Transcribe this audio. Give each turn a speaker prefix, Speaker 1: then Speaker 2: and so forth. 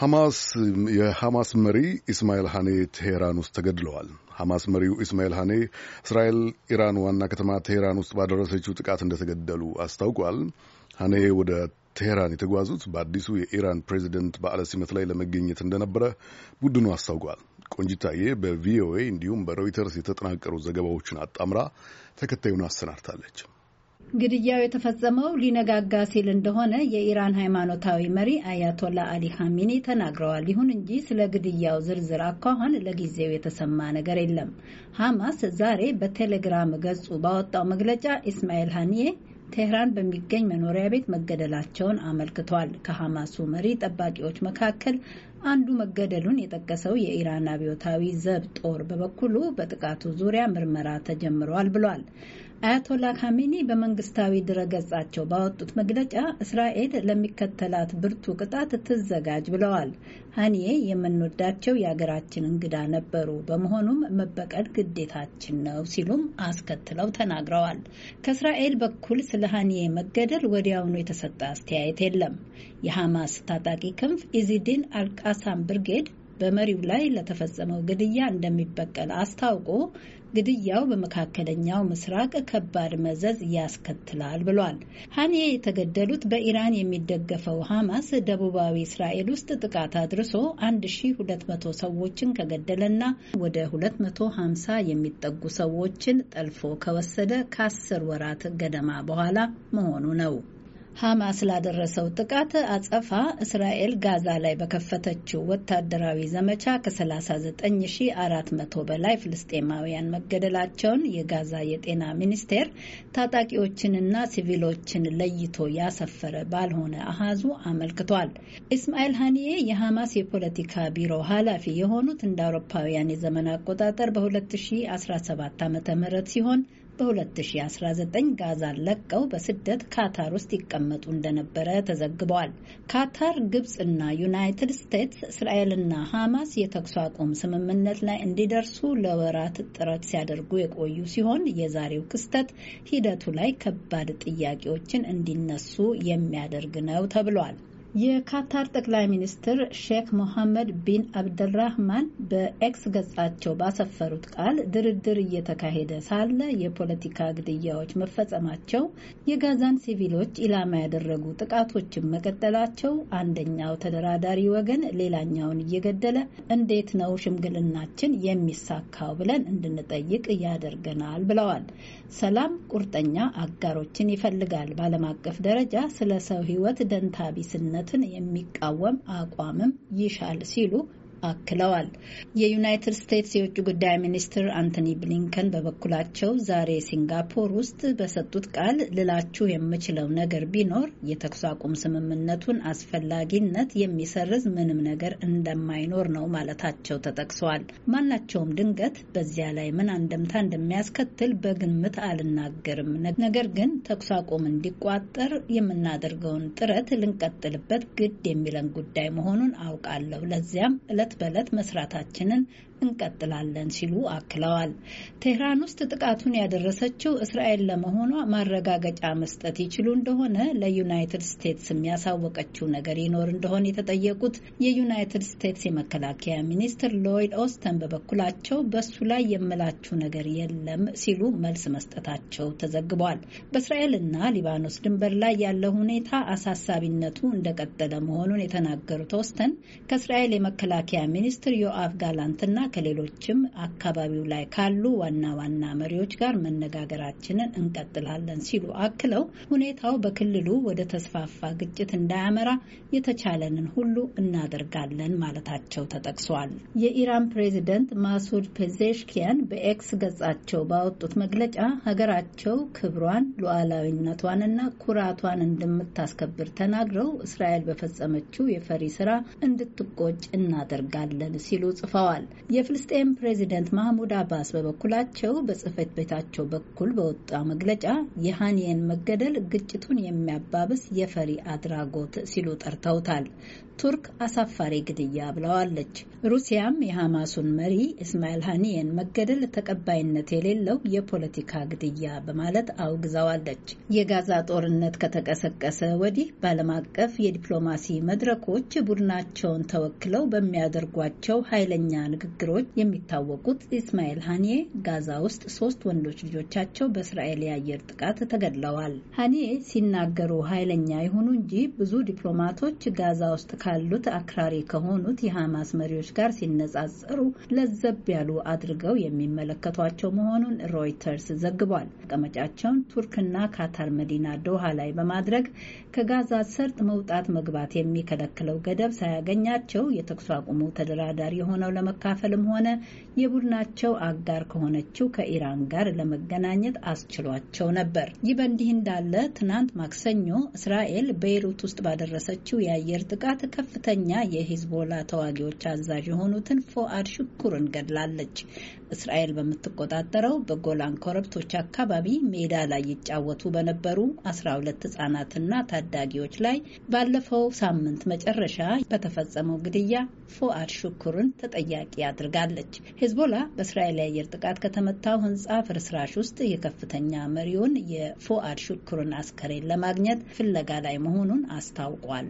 Speaker 1: ሐማስ የሐማስ መሪ ኢስማኤል ሐኔ ቴሄራን ውስጥ ተገድለዋል። ሐማስ መሪው ኢስማኤል ሐኔ እስራኤል ኢራን ዋና ከተማ ቴሄራን ውስጥ ባደረሰችው ጥቃት እንደተገደሉ አስታውቋል። ሐኔ ወደ ቴሄራን የተጓዙት በአዲሱ የኢራን ፕሬዚደንት በዓለ ሲመት ላይ ለመገኘት እንደነበረ ቡድኑ አስታውቋል። ቆንጅታዬ በቪኦኤ እንዲሁም በሮይተርስ የተጠናቀሩ ዘገባዎችን አጣምራ ተከታዩን አሰናድታለች። ግድያው የተፈጸመው ሊነጋጋ ሲል እንደሆነ የኢራን ሃይማኖታዊ መሪ አያቶላ አሊ ሀሚኒ ተናግረዋል። ይሁን እንጂ ስለ ግድያው ዝርዝር አኳኋን ለጊዜው የተሰማ ነገር የለም። ሐማስ ዛሬ በቴሌግራም ገጹ ባወጣው መግለጫ ኢስማኤል ሀኒዬ ቴህራን በሚገኝ መኖሪያ ቤት መገደላቸውን አመልክቷል። ከሐማሱ መሪ ጠባቂዎች መካከል አንዱ መገደሉን የጠቀሰው የኢራን አብዮታዊ ዘብ ጦር በበኩሉ በጥቃቱ ዙሪያ ምርመራ ተጀምሯል ብሏል። አያቶላ ካሜኒ በመንግስታዊ ድረገጻቸው ባወጡት መግለጫ እስራኤል ለሚከተላት ብርቱ ቅጣት ትዘጋጅ ብለዋል። ሀኒዬ የምንወዳቸው የአገራችን እንግዳ ነበሩ፣ በመሆኑም መበቀል ግዴታችን ነው ሲሉም አስከትለው ተናግረዋል። ከእስራኤል በኩል ስለ ሀኒዬ መገደል ወዲያውኑ የተሰጠ አስተያየት የለም። የሐማስ ታጣቂ ክንፍ ኢዚዲን አልቃሳም ብርጌድ በመሪው ላይ ለተፈጸመው ግድያ እንደሚበቀል አስታውቆ ግድያው በመካከለኛው ምስራቅ ከባድ መዘዝ ያስከትላል ብሏል። ሀኒዬ የተገደሉት በኢራን የሚደገፈው ሐማስ ደቡባዊ እስራኤል ውስጥ ጥቃት አድርሶ 1200 ሰዎችን ከገደለና ወደ 250 የሚጠጉ ሰዎችን ጠልፎ ከወሰደ ከአስር ወራት ገደማ በኋላ መሆኑ ነው። ሐማስ ላደረሰው ጥቃት አጸፋ እስራኤል ጋዛ ላይ በከፈተችው ወታደራዊ ዘመቻ ከ39400 በላይ ፍልስጤማውያን መገደላቸውን የጋዛ የጤና ሚኒስቴር ታጣቂዎችንና ሲቪሎችን ለይቶ ያሰፈረ ባልሆነ አሃዙ አመልክቷል። ኢስማኤል ሀኒዬ የሐማስ የፖለቲካ ቢሮ ኃላፊ የሆኑት እንደ አውሮፓውያን የዘመን አቆጣጠር በ2017 ዓ ም ሲሆን በ2019 ጋዛን ለቀው በስደት ካታር ውስጥ ይቀመጡ እንደነበረ ተዘግበዋል። ካታር፣ እና ዩናይትድ ስቴትስ እስራኤልና ሐማስ የተኩስ አቁም ስምምነት ላይ እንዲደርሱ ለወራት ጥረት ሲያደርጉ የቆዩ ሲሆን የዛሬው ክስተት ሂደቱ ላይ ከባድ ጥያቄዎችን እንዲነሱ የሚያደርግ ነው ተብሏል። የካታር ጠቅላይ ሚኒስትር ሼክ ሞሐመድ ቢን አብደራህማን በኤክስ ገጻቸው ባሰፈሩት ቃል ድርድር እየተካሄደ ሳለ የፖለቲካ ግድያዎች መፈጸማቸው፣ የጋዛን ሲቪሎች ኢላማ ያደረጉ ጥቃቶችን መቀጠላቸው፣ አንደኛው ተደራዳሪ ወገን ሌላኛውን እየገደለ እንዴት ነው ሽምግልናችን የሚሳካው ብለን እንድንጠይቅ ያደርገናል ብለዋል። ሰላም ቁርጠኛ አጋሮችን ይፈልጋል። በዓለም አቀፍ ደረጃ ስለ ሰው ደንታ ደንታቢስነት መሰረትን የሚቃወም አቋምም ይሻል ሲሉ አክለዋል። የዩናይትድ ስቴትስ የውጭ ጉዳይ ሚኒስትር አንቶኒ ብሊንከን በበኩላቸው ዛሬ ሲንጋፖር ውስጥ በሰጡት ቃል ልላችሁ የምችለው ነገር ቢኖር የተኩስ አቁም ስምምነቱን አስፈላጊነት የሚሰርዝ ምንም ነገር እንደማይኖር ነው ማለታቸው ተጠቅሰዋል። ማናቸውም ድንገት በዚያ ላይ ምን አንደምታ እንደሚያስከትል በግምት አልናገርም። ነገር ግን ተኩስ አቁም እንዲቋጠር የምናደርገውን ጥረት ልንቀጥልበት ግድ የሚለን ጉዳይ መሆኑን አውቃለሁ። ለዚያም እለት በዕለት መስራታችንን እንቀጥላለን ሲሉ አክለዋል። ቴህራን ውስጥ ጥቃቱን ያደረሰችው እስራኤል ለመሆኗ ማረጋገጫ መስጠት ይችሉ እንደሆነ ለዩናይትድ ስቴትስ የሚያሳወቀችው ነገር ይኖር እንደሆነ የተጠየቁት የዩናይትድ ስቴትስ የመከላከያ ሚኒስትር ሎይድ ኦስተን በበኩላቸው በሱ ላይ የምላችሁ ነገር የለም ሲሉ መልስ መስጠታቸው ተዘግቧል። በእስራኤልና ሊባኖስ ድንበር ላይ ያለው ሁኔታ አሳሳቢነቱ እንደቀጠለ መሆኑን የተናገሩት ኦስተን ከእስራኤል የመከላከያ ሚኒስትር ዮአፍ ጋላንትና ከሌሎችም አካባቢው ላይ ካሉ ዋና ዋና መሪዎች ጋር መነጋገራችንን እንቀጥላለን ሲሉ አክለው ሁኔታው በክልሉ ወደ ተስፋፋ ግጭት እንዳያመራ የተቻለንን ሁሉ እናደርጋለን ማለታቸው ተጠቅሷል። የኢራን ፕሬዚደንት ማሱድ ፔዜሽኪያን በኤክስ ገጻቸው ባወጡት መግለጫ ሀገራቸው ክብሯን ሉዓላዊነቷንና ኩራቷን እንደምታስከብር ተናግረው እስራኤል በፈጸመችው የፈሪ ስራ እንድትቆጭ እናደርጋለን ሲሉ ጽፈዋል። የፍልስጤም ፕሬዚደንት ማህሙድ አባስ በበኩላቸው በጽህፈት ቤታቸው በኩል በወጣው መግለጫ የሃኒየን መገደል ግጭቱን የሚያባብስ የፈሪ አድራጎት ሲሉ ጠርተውታል። ቱርክ አሳፋሪ ግድያ ብለዋለች። ሩሲያም የሐማሱን መሪ እስማኤል ሃኒየን መገደል ተቀባይነት የሌለው የፖለቲካ ግድያ በማለት አውግዛዋለች። የጋዛ ጦርነት ከተቀሰቀሰ ወዲህ በዓለም አቀፍ የዲፕሎማሲ መድረኮች ቡድናቸውን ተወክለው በሚያደርጓቸው ኃይለኛ ንግግር ችግሮች የሚታወቁት ኢስማኤል ሀኒዬ ጋዛ ውስጥ ሶስት ወንዶች ልጆቻቸው በእስራኤል የአየር ጥቃት ተገድለዋል። ሀኒዬ ሲናገሩ ኃይለኛ ይሁኑ እንጂ ብዙ ዲፕሎማቶች ጋዛ ውስጥ ካሉት አክራሪ ከሆኑት የሐማስ መሪዎች ጋር ሲነጻጸሩ ለዘብ ያሉ አድርገው የሚመለከቷቸው መሆኑን ሮይተርስ ዘግቧል። መቀመጫቸውን ቱርክና ካታር መዲና ዶሃ ላይ በማድረግ ከጋዛ ሰርጥ መውጣት መግባት የሚከለክለው ገደብ ሳያገኛቸው የተኩስ አቁሙ ተደራዳሪ ሆነው ለመካፈል አካልም ሆነ የቡድናቸው አጋር ከሆነችው ከኢራን ጋር ለመገናኘት አስችሏቸው ነበር። ይህ በእንዲህ እንዳለ ትናንት ማክሰኞ እስራኤል ቤይሩት ውስጥ ባደረሰችው የአየር ጥቃት ከፍተኛ የሂዝቦላ ተዋጊዎች አዛዥ የሆኑትን ፎአድ ሽኩርን ገድላለች። እስራኤል በምትቆጣጠረው በጎላን ኮረብቶች አካባቢ ሜዳ ላይ ይጫወቱ በነበሩ 12 ህጻናትና ታዳጊዎች ላይ ባለፈው ሳምንት መጨረሻ በተፈጸመው ግድያ ፎአድ ሹኩርን ተጠያቂ አድርጋለች። ሄዝቦላ በእስራኤል የአየር ጥቃት ከተመታው ህንፃ ፍርስራሽ ውስጥ የከፍተኛ መሪውን የፎአድ ሹኩርን አስከሬን ለማግኘት ፍለጋ ላይ መሆኑን አስታውቋል።